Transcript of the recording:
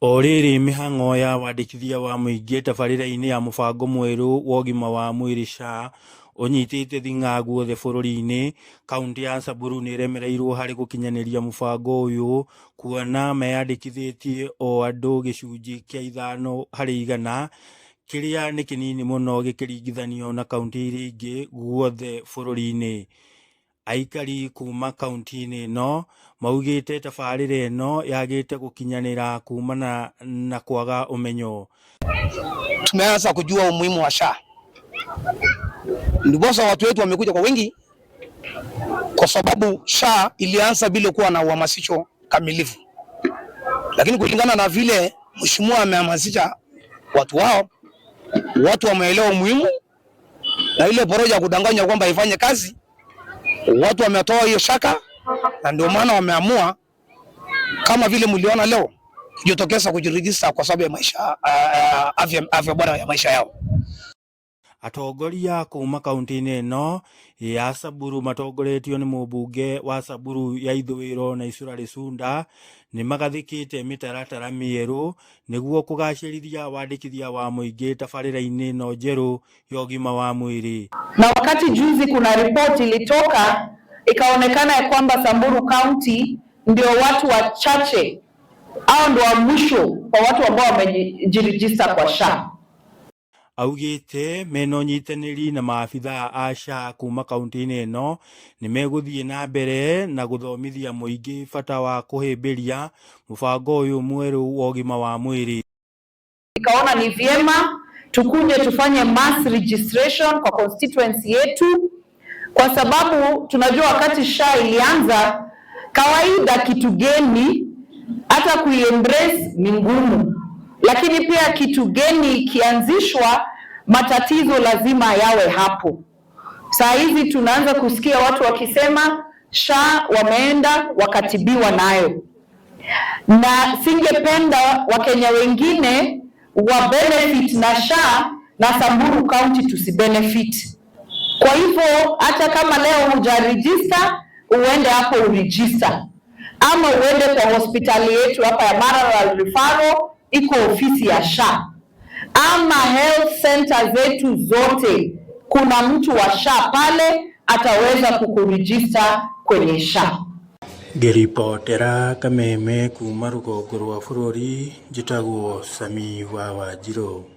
o rĩrĩ mĩhang'o ya wandĩkithia wa mũingĩ tabarĩra ini ya mũbango mwerũ wa ũgima wa mwĩrĩ SHA ũnyitĩte thing'a guothe bũrũri-inĩ kaũntĩ ya Samburu nĩ ĩremereirwo harĩ gũkinyanĩria mũbango ũyũ kuona meyandĩkithĩtie o andũ gĩcunjĩ kia ithano harĩ igana kĩrĩa nĩ kĩnini mũno gĩkĩringithanio na kaunti iria ingĩ guothe bũrũri ini aikari kuma kaunti-inĩ no maugĩte tabarĩra ĩno yagĩte gũkinyanĩra kumana na kwaga umenyo Tumeanza kujua umuhimu wa SHA, ndiposa watu wetu wamekuja kwa wingi, kwa sababu SHA ilianza bila kuwa na uhamasisho kamilifu, lakini kulingana na vile mheshimiwa amehamasisha watu wao, watu wameelewa umuhimu na ile poroja ya kudanganya kwamba ifanye kazi watu wametoa hiyo shaka, na ndio maana wameamua kama vile mliona leo kujitokeza kujirejista kwa sababu ya maisha, eh, eh, afya bora ya maisha yao atongoria kuma kaunti-inĩ ĩno ya saburu matongoretio nĩ mũmbunge wa saburu ya ithũĩro na Isura Ricunda nĩ magathĩkĩte mĩtaratara mĩerũ nĩguo kũgacĩrithia wandĩkithia wa mũingĩ tabarĩra-inĩ no njerũ ya ũgima wa mwĩrĩ. Na wakati juzi kuna ripoti ilitoka ikaonekana ya kwamba Samburu kaunti ndio watu wachache au ndio wa mwisho kwa watu ambao wamejirejista kwa SHA augite mena unyitaniri na maabithaa a SHA kuma kaunti-ini ino ni meguthie na mbere na guthomithia muingi bata wa kuhimbiria mubango uyu mweru wa ugima wa mwiri. ikaona ni vyema tukuje tufanye mass registration kwa constituency yetu, kwa sababu tunajua wakati SHA ilianza, kawaida kitu geni hata kuiembrace ni ngumu lakini pia kitu geni ikianzishwa, matatizo lazima yawe hapo. Saa hizi tunaanza kusikia watu wakisema SHA wameenda wakatibiwa nayo, na singependa wakenya wengine wa benefit na SHA na Samburu County tusibenefit. Kwa hivyo hata kama leo hujarejista, uende hapo urejista, ama uende kwa hospitali yetu hapa ya Maralal Referral iko ofisi ya SHA ama health center zetu zote, kuna mtu wa SHA pale ataweza kukurejista kwenye SHA. ngiripotera kameme kuma rugongo rwa bururi njitagwo Sami wa Wanjiru